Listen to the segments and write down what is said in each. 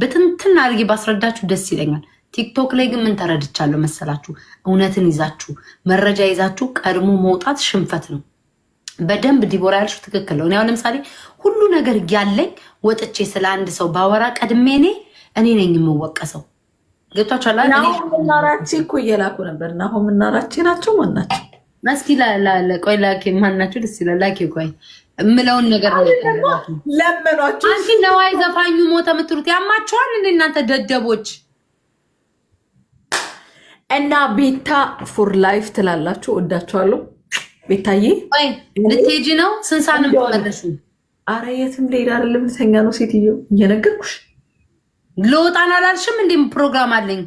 ብትንትን አድርጌ ባስረዳችሁ ደስ ይለኛል። ቲክቶክ ላይ ግን ምን ተረድቻለሁ መሰላችሁ? እውነትን ይዛችሁ መረጃ ይዛችሁ ቀድሞ መውጣት ሽንፈት ነው። በደንብ ዲቦራ ያልሽው ትክክል ነው። እኔ አሁን ለምሳሌ ሁሉ ነገር ያለኝ ወጥቼ ስለ አንድ ሰው ባወራ ቀድሜ እኔ እኔ ነኝ የምወቀሰው። ገብቷችኋል? ናሆምና ራቼ እኮ እየላኩ ነበር። ናሆምና ራቼ ናቸው ማናቸው? እስኪ ቆይ ላኬ ማናቸው? ደስ ይላል ላኬ ቆይ እምለውን ነገር ለመኗቸው። አንቺ ነዋይ ዘፋኙ ሞተ የምትሉት ያማችኋል እንዴ እናንተ ደደቦች? እና ቤታ ፎር ላይፍ ትላላችሁ። ወዳችኋለሁ። ቤታዬ ልትሄጂ ነው? ስንሳንም ተመለሱ። አረ የትም ሌላ አይደለም፣ ልተኛ ነው። ሴትዮ እየነገርኩሽ ለወጣን አላልሽም? እንዴም ፕሮግራም አለኝ።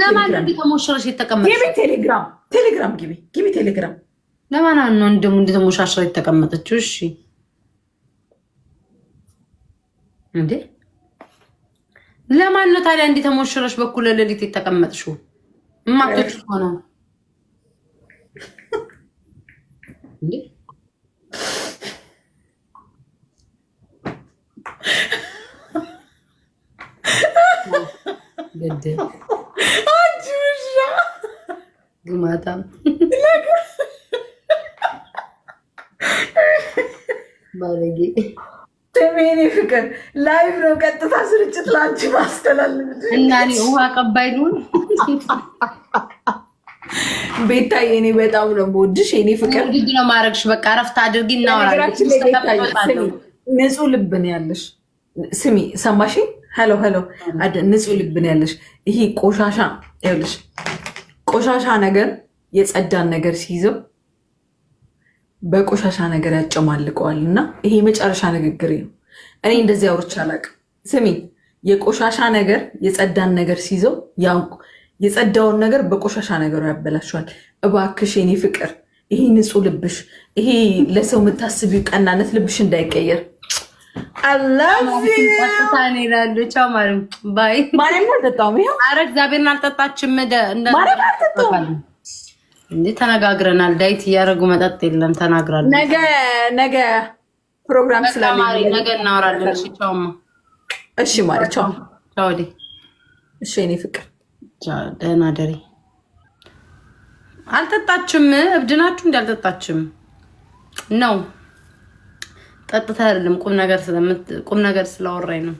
ለማን ተሞሸረሽ? የተቀመጥሽ ቴሌግራም ቴሌግራም ግቢ ግቢ ቴሌግራም ለማና ነው እንደሙ እንደተሞሻሽራ የተቀመጠችው? እሺ እንዴ ለማን ነው ታዲያ እንደተሞሸረሽ በኩል ለሌሊት የተቀመጥሽው? እማቶች ሆነ ግማታም ባለጌ ትሜኔ ፍቅር ላይቭ ነው፣ ቀጥታ ስርጭት ላንቺ ማስተላልፍ እና እኔ ውሃ ቀባይ ልሁን። ቤታዬ እኔ በጣም ነው የምወድሽ የእኔ ፍቅር። ግድ ነው ማድረግሽ። በቃ እረፍት አድርጊ፣ እናወራለን። ንጹህ ልብ ነው ያለሽ። ስሚ ሰማሽ? ሄሎ ሄሎ። ንጹህ ልብ ነው ያለሽ። ይሄ ቆሻሻ ያለሽ ቆሻሻ ነገር የጸዳን ነገር ሲይዘው በቆሻሻ ነገር ያጨማልቀዋል እና ይሄ መጨረሻ ንግግር ነው። እኔ እንደዚህ አውርቼ አላውቅም። ስሚ፣ የቆሻሻ ነገር የጸዳን ነገር ሲይዘው ያውቁ የጸዳውን ነገር በቆሻሻ ነገሩ ያበላሸዋል። እባክሽ የኔ ፍቅር፣ ይሄ ንጹህ ልብሽ፣ ይሄ ለሰው የምታስቢው ቀናነት ልብሽ እንዳይቀየር ባይ አላጣም። እግዚአብሔርን አልጠጣችም። እንዴ ተነጋግረናል። ዳይት እያደረጉ መጠጥ የለም ተናግራል። ነገ ነገ ፕሮግራም ስላለኝ ነገ እናወራለን። እሺ ቻውማ። እሺ ማለት ቻው ቻው። ዲ እሺ እኔ ፍቅር ቻው። ደህና ደሪ። አልጠጣችም። እብድናችሁ ናችሁ እንዴ? አልጠጣችም ነው ጠጥታ አይደለም። ቁም ነገር ስለምት ቁም ነገር ስላወራኝ ነው።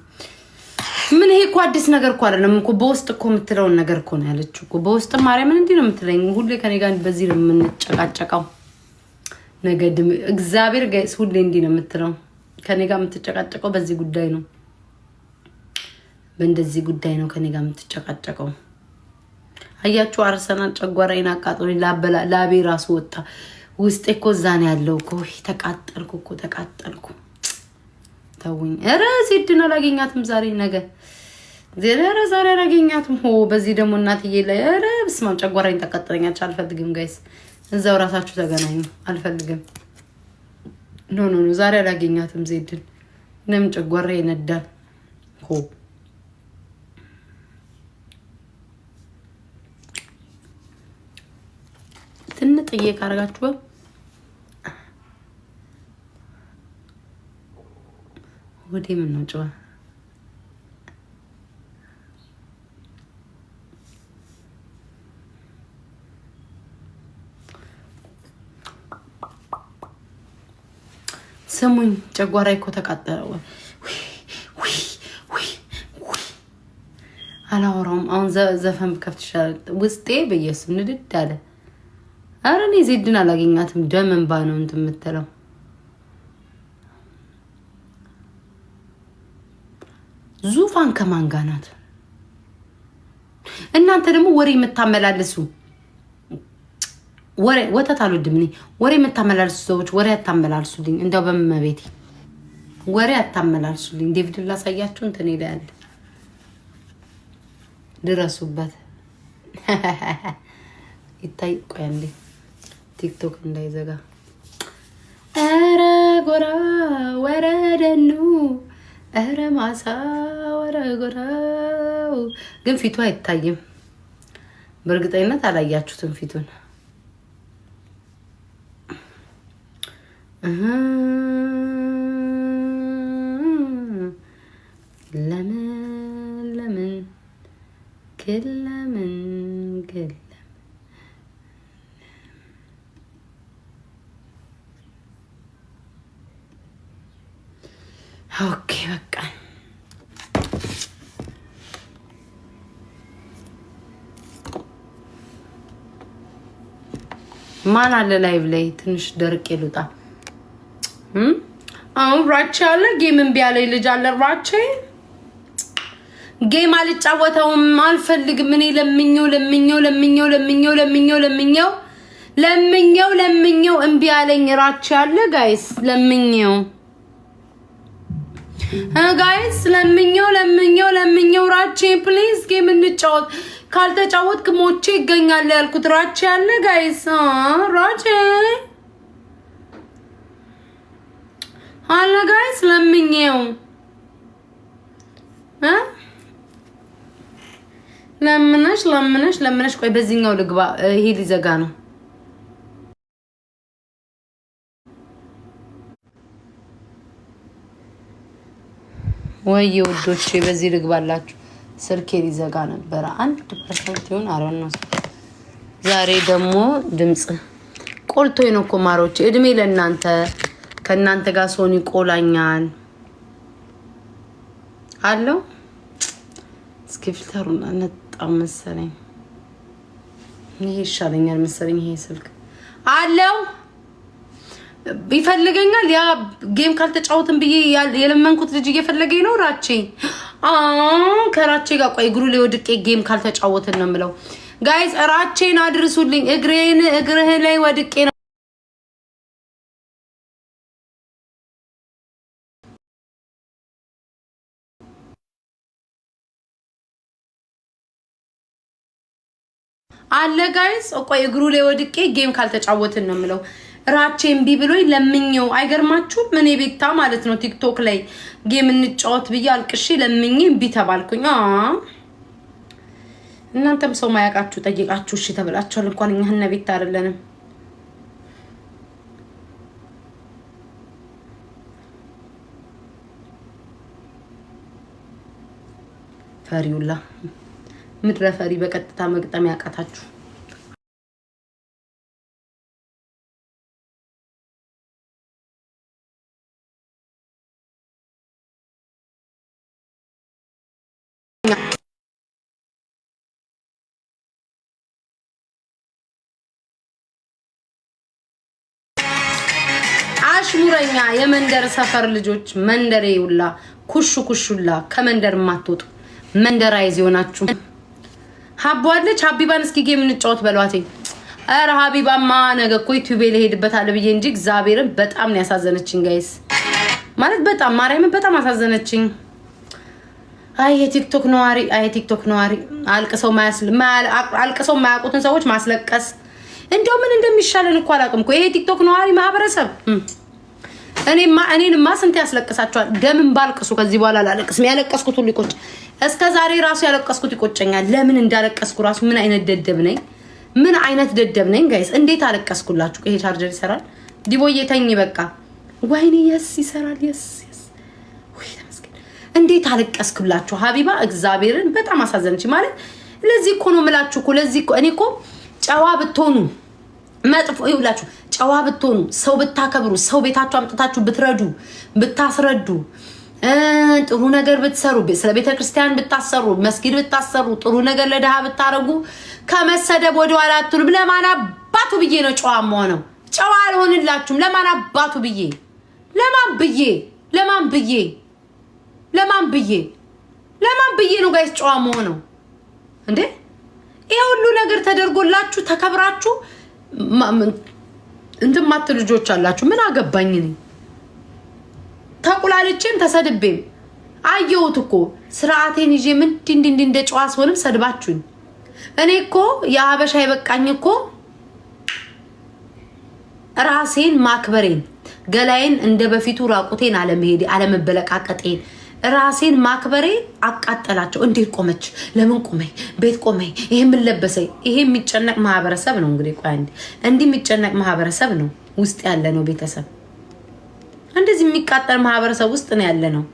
ምን ይሄ እኮ አዲስ ነገር እኮ አይደለም እኮ በውስጥ እኮ የምትለውን ነገር እኮ ነው ያለችው እኮ በውስጥ ማርያምን እንዲህ ነው የምትለኝ። ሁሌ ከኔ ጋር በዚህ ነው የምንጨቃጨቀው። ነገ ድም እግዚአብሔር ጋይስ ሁሌ እንዲህ ነው የምትለው ከኔ ጋር የምትጨቃጨቀው በዚህ ጉዳይ ነው፣ በእንደዚህ ጉዳይ ነው ከኔ ጋር የምትጨቃጨቀው። አያችሁ አርሰናል ጨጓራዬን አቃጥሎኝ ላቤ ራሱ ወጣ። ውስጤ እኮ እዛ ነው ያለው እኮ ተቃጠልኩ እኮ ተቃጠልኩ። ተውኝ። ኧረ ዜድን አላገኛትም ዛሬ ነገ ኧረ ዛሬ አላገኛትም። ሆ በዚህ ደግሞ እናትዬ ላይ ኧረ በስመ አብ ጨጓራኝ ተቃጥለኛች። አልፈልግም ጋይስ፣ እዛው ራሳችሁ ተገናኙ። አልፈልግም። ኖ ኖ ኖ፣ ዛሬ አላገኛትም ዜድን። ለምን ጨጓራ ይነዳል። ሆ ትንጥዬ ካረጋችሁ ወዴ ምን ነው ጨዋ ስሙኝ፣ ጨጓራ እኮ ተቃጠለው። አላወራውም። አሁን ዘፈን ከፍት ይሻላል። ውስጤ በየሱ ንድድ አለ። አረ እኔ ዜድን አላገኛትም። ደም እንባ ነው እንትን የምትለው ዙፋን ከማን ናት? እናንተ ደግሞ ወሬ የምታመላልሱ ወሬ ወተት አልወድም እኔ። ወሬ የምታመላልሱ ሰዎች ወሬ አታመላልሱልኝ፣ እንደው በመቤቴ ወሬ አታመላልሱልኝ። ዴቪድ ላሳያችሁ እንትን ይለያል፣ ድረሱበት። ይታይ ቆይ እንዴ ቲክቶክ እንዳይዘጋ። ኧረ ጎራ ወረደኑ እረ ማሳ ወረጎረው ግን ፊቱ አይታይም። በእርግጠኝነት አላያችሁትም ፊቱን። ለምን ለምን ግን ለምን ግን ኦኬ ማን አለ ላይቭ ላይ ትንሽ ደርቅ ይሉጣ አሁን ራቼ አለ ጌም እምቢ ያለኝ ልጅ አለ ራቼ ጌም አልጫወተውም አልፈልግም እኔ ለምኘው ለምኘው ለምኘው ለምኘው ለምኘው ለምኘው ለምኘው ለምኘው እምቢ ያለኝ ራቼ አለ ጋይስ ለምኘው ጋይስ ለምኘው ለምኘው ለምኘው ራቼ ፕሊዝ ጌም እንጫወት ካልተጫወትክ ሞቼ ይገኛል ያልኩት ራቼ ያለ ጋይስ ራቼ አለ ጋይስ ለምኜው ለምነሽ ለምነሽ ለምነሽ። ቆይ በዚህኛው ልግባ። ይሄ ሊዘጋ ነው። ወይ ውዶቼ በዚህ ልግባላችሁ። ስልኬ ሊዘጋ ነበረ። አንድ ፐርሰንት ይሆን አረነው። ዛሬ ደግሞ ድምፅ ቆልቶ ነው እኮ ማሮች፣ እድሜ ለእናንተ። ከእናንተ ጋር ሶኒ ቆላኛል አለው። እስኪ ፊልተሩን አነጣው መሰለኝ። ይሄ ይሻለኛል መሰለኝ ይሄ ስልክ አለው ይፈልገኛል ያ ጌም ካልተጫወትን ብዬ የለመንኩት ልጅ እየፈለገኝ ነው። ራቼ ከራቼ ጋር ቆይ እግሩ ላይ ወድቄ ጌም ካልተጫወትን ነው የምለው። ጋይዝ ራቼን አድርሱልኝ። እግሬን እግርህ ላይ ወድቄ ነው አለ ጋይዝ። ቆይ እግሩ ላይ ወድቄ ጌም ካልተጫወትን ነው የምለው። ራቼን ቢ ብሎኝ ለምኘው አይገርማችሁም? እኔ ቤታ ማለት ነው ቲክቶክ ላይ ጌም እንጫወት ብዬ አልቅሼ ለምኜ እምቢ ተባልኩኝ። እናንተም ሰው ማያውቃችሁ ጠይቃችሁ እሺ ተብላችኋል። እንኳን እኛ እነ ቤታ አይደለንም። ፈሪውላ ምድረ ፈሪ በቀጥታ መግጠም ያውቃታችሁ የመንደር ሰፈር ልጆች መንደሬ ውላ ኩሹ ኩሹላ ከመንደር ማትወጡ መንደር አይዝ ይሆናችሁ። ሀቦ ሀቢባን እስኪ ጌም እንጫወት በሏት። ኧረ ሀቢባማ ነገ እኮ ዩቲዩብ ልሄድበታል ብዬ እንጂ እግዚአብሔርን በጣም ነው ያሳዘነችኝ። ጋይስ ማለት በጣም ማርያምን በጣም አሳዘነችኝ። አይ የቲክቶክ ነዋሪ አይ የቲክቶክ ነዋሪ ማያስል አልቅሰው የማያውቁትን ሰዎች ማስለቀስ እንደው ምን እንደሚሻለን እኮ አላውቅም እኮ ይሄ የቲክቶክ ነዋሪ ማህበረሰብ እኔማ እኔንማ ስንት ያስለቅሳቸዋል። ደምን ባልቅሱ ከዚህ በኋላ አላለቅስም። ያለቀስኩት ሁሉ ይቆጭ እስከ ዛሬ ራሱ ያለቀስኩት ይቆጨኛል። ለምን እንዳለቀስኩ ራሱ ምን አይነት ደደብ ነኝ? ምን አይነት ደደብ ነኝ? ጋይስ እንዴት አለቀስኩላችሁ። ይሄ ቻርጀር ይሰራል። ዲቦዬ ተኝ በቃ። ወይኔ የስ ይሰራል። የስ የስ ወይ ተመስገን። እንዴት አለቀስኩላችሁ። ሀቢባ እግዚአብሔርን በጣም አሳዘነች ማለት ለዚህ እኮ ነው የምላችሁ እኮ ለዚህ እኔ እኮ ጨዋ ብትሆኑ መጥፎ ይውላችሁ ጨዋ ብትሆኑ፣ ሰው ብታከብሩ፣ ሰው ቤታችሁ አምጥታችሁ ብትረዱ፣ ብታስረዱ፣ ጥሩ ነገር ብትሰሩ፣ ስለ ቤተ ክርስቲያን ብታሰሩ፣ መስጊድ ብታሰሩ፣ ጥሩ ነገር ለድሃ ብታረጉ፣ ከመሰደብ ወደኋላ አትሉም። ለማን አባቱ ብዬ ነው ጨዋ መሆነው? ጨዋ አልሆንላችሁም። ለማን አባቱ ብዬ ለማን ብዬ ለማን ብዬ ለማን ብዬ ለማን ብዬ ነው ጋይስ ጨዋ መሆነው እንዴ? ይሄ ሁሉ ነገር ተደርጎላችሁ ተከብራችሁ እንትን ማት ልጆች አላችሁ። ምን አገባኝ እኔ ተቁላልቼም ተሰድቤም አየሁት እኮ ስርዓቴን ይዤ ምን እንዲ እንደ ጨዋ ስሆንም ሰድባችሁኝ። እኔ እኮ የሀበሻ የበቃኝ እኮ ራሴን ማክበሬን፣ ገላዬን እንደ በፊቱ ራቁቴን አለመሄዴ፣ አለመበለቃቀጤን ራሴን ማክበሬ አቃጠላቸው። እንዴት ቆመች? ለምን ቆመኝ? ቤት ቆመኝ? ይሄ ምን ለበሰኝ? ይሄ የሚጨነቅ ማህበረሰብ ነው። እንግዲህ ቆይ አንዴ፣ እንዲህ የሚጨነቅ ማህበረሰብ ነው ውስጥ ያለ ነው ቤተሰብ። እንደዚህ የሚቃጠል ማህበረሰብ ውስጥ ነው ያለ ነው።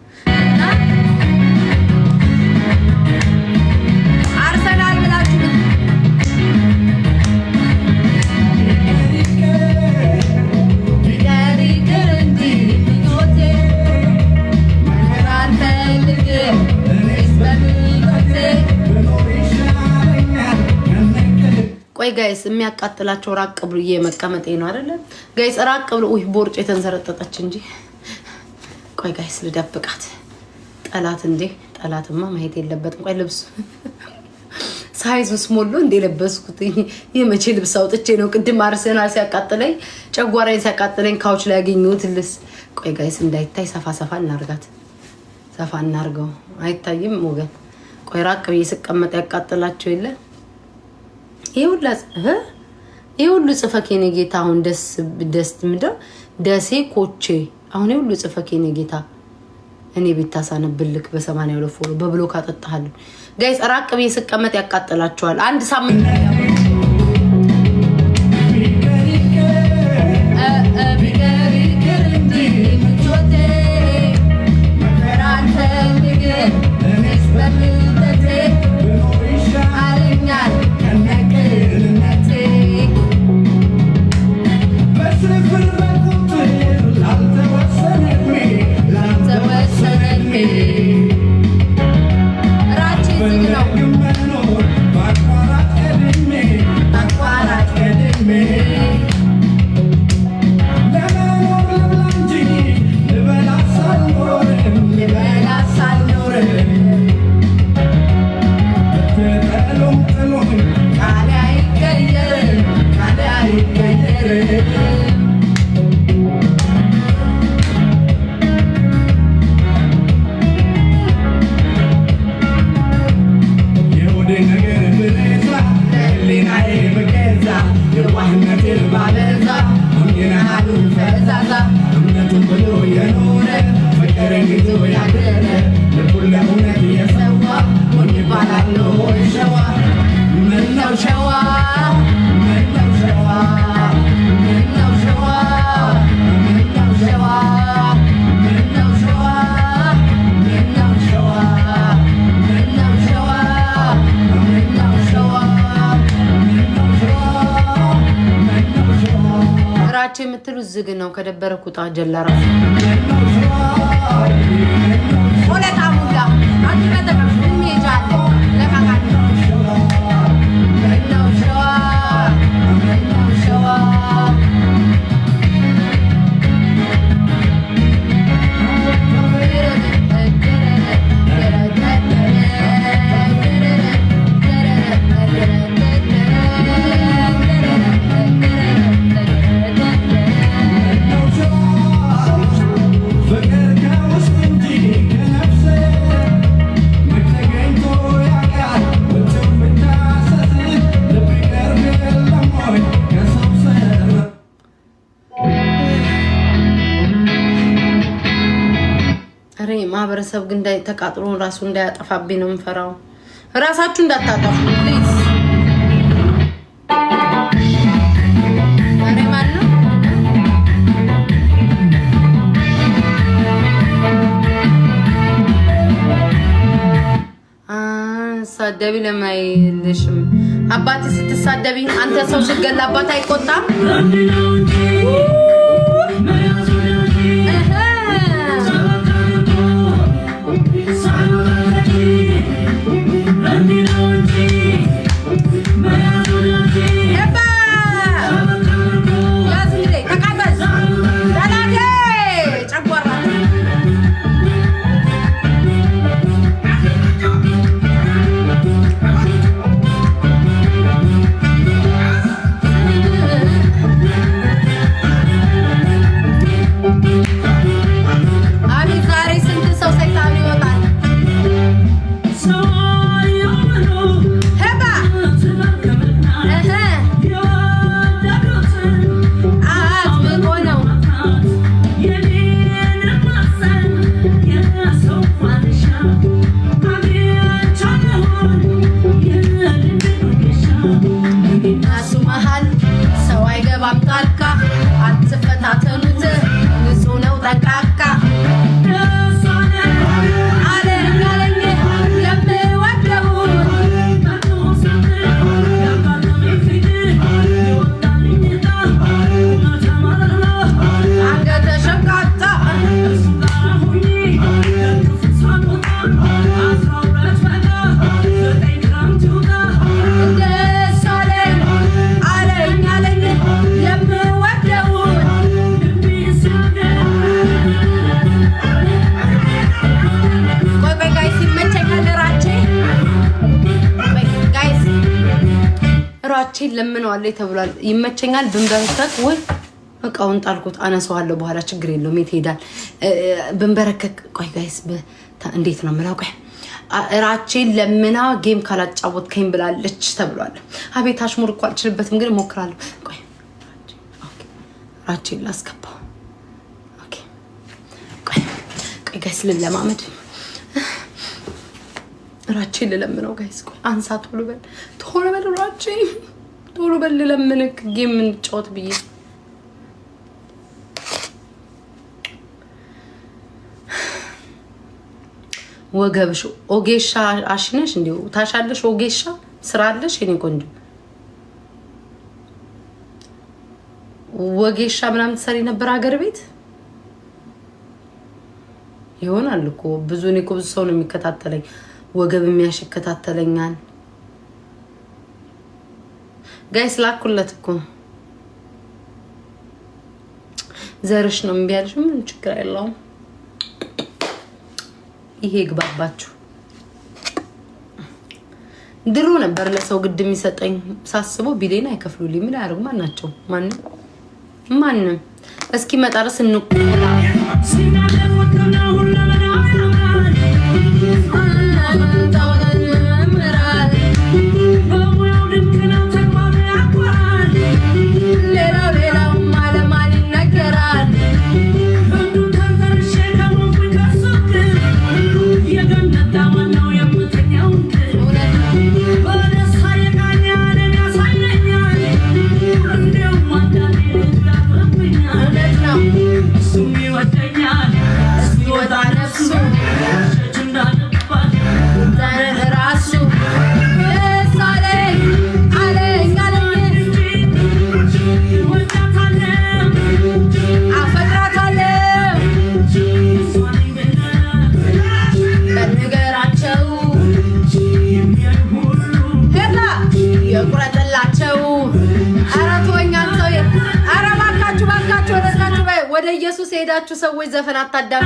ቆይ ጋይስ የሚያቃጥላቸው ራቅ ብሎ እየመቀመጤ ነው አይደለ? ጋይስ ራቅ ብሎ ውይ፣ ቦርጭ የተንሰረጠጠች እንጂ። ቆይ ጋይስ ልደብቃት። ጠላት እንዴ! ጠላትማ ማየት የለበትም። ቆይ ልብሱ ሳይዝ ስሞሎ እንዴ ለበስኩት የመቼ ልብስ አውጥቼ ነው? ቅድም አርሰናል ሲያቃጥለኝ ጨጓራዬን ሲያቃጥለኝ ካውች ላይ ያገኘሁት ልብስ። ቆይ ጋይስ እንዳይታይ ሰፋ ሰፋ እናርጋት፣ ሰፋ እናርገው። አይታይም ወገን። ቆይ ራቅ ብዬ ስቀመጥ ያቃጥላቸው የለ ይሄ ሁሉ ጽፈክ የኔ ጌታ አሁን ደስ ደስ ምደው ደሴ ኮቼ አሁን ይህ ሁሉ ጽፈክ የኔ ጌታ እኔ ቤት ታሳነብልክ በሰማንያ ሁለት ፎሎ በብሎክ አጠጣሃለን። ጋይስ ራቅ ብዬ ስቀመጥ ያቃጥላቸዋል። አንድ ሳምንት አላቸው የምትሉ ዝግ ነው። ከደበረ ቁጣ ጀለራ ሁለት ቤተሰብ ግን ተቃጥሎ ራሱ እንዳያጠፋብኝ ነው የምፈራው። ራሳችሁ እንዳታጠፉ ፕሊዝ። ሳደቢ ለማይልሽም አባት ስትሳደቢ አንተ ሰው ስትገላ አባት አይቆጣም። ለምነዋለሁ ተብሏል። ይመቸኛል ብንበረከክ ወይ እቃውን ጣልኩት አነሰዋለሁ በኋላ ችግር የለውም የት ሄዳል ብንበረከክ። ቆይ ጋይስ እንዴት ነው የምላው? ቆይ እራቼን ለምና ጌም ካላጫወትከኝ ብላለች ተብሏል። አቤት አሽሙር እኮ አልችልበትም፣ ግን እሞክራለሁ። ቆይ እራቼን ላስገባው። ቆይ ጋይስ ልለማመድ እራቼን ልለምነው ጋይስ። ቆይ አንሳት ብሎ በል ቶሎ በል እራቼን ዶሮ በል ለምንክ ጌም እንጫወት ብዬ ወገብሽ ኦጌሻ አሽነሽ እንዲሁ ታሻለሽ። ኦጌሻ ስራለሽ የኔ ቆንጆ ወጌሻ ምናምን ትሰሪ ነበር ሀገር ቤት ይሆናል እኮ ብዙ እኔ እኮ ብዙ ሰው ነው የሚከታተለኝ። ወገብ የሚያሽ ይከታተለኛል። ጋይስ ላኩለት እኮ ዘርሽ ነው እምቢ አለሽ። ምን ችግር የለውም። ይሄ ግባባችሁ። ድሮ ነበር ለሰው ግድ የሚሰጠኝ ሳስበው ቢሌን አይከፍሉልኝ። ምን አያደርጉ ማን ናቸው? ማንም ማንም እስኪመጣ ድረስ እንቁ ሰዎች ዘፈን አታዳም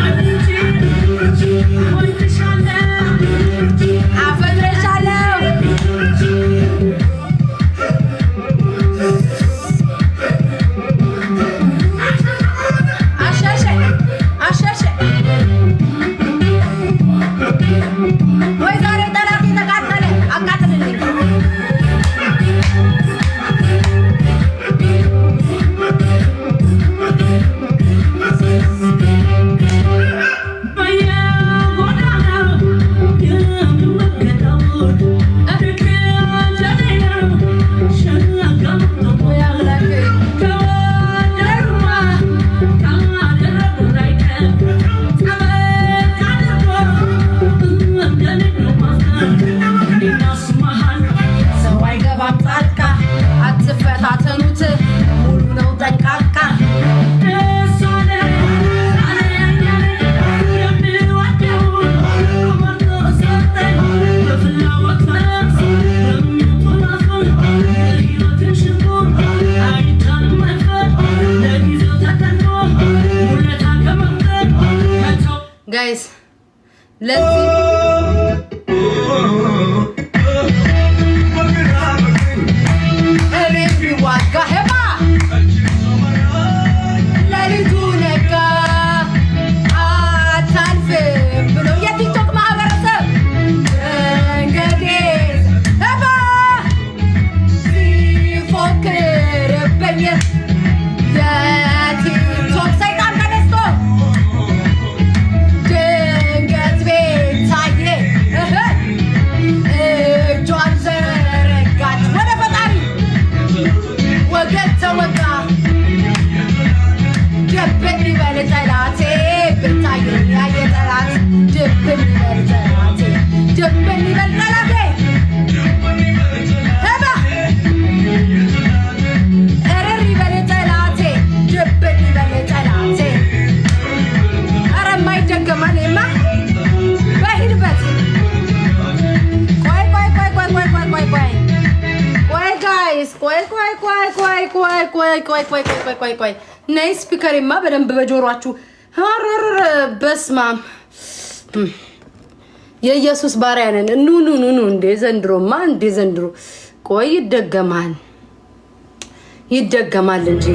ቆይ ቆይ ቆይ ቆይ ቆይ ቆይ ነይ ስፒከሬማ በደንብ በጆሯችሁ ሀረር በስማም የኢየሱስ ባሪያ ነን። ኑ ኑ ኑ ኑ እንዴ ዘንድሮማ እንዴ ዘንድሮ ቆይ ይደገማል ይደገማል እንጂ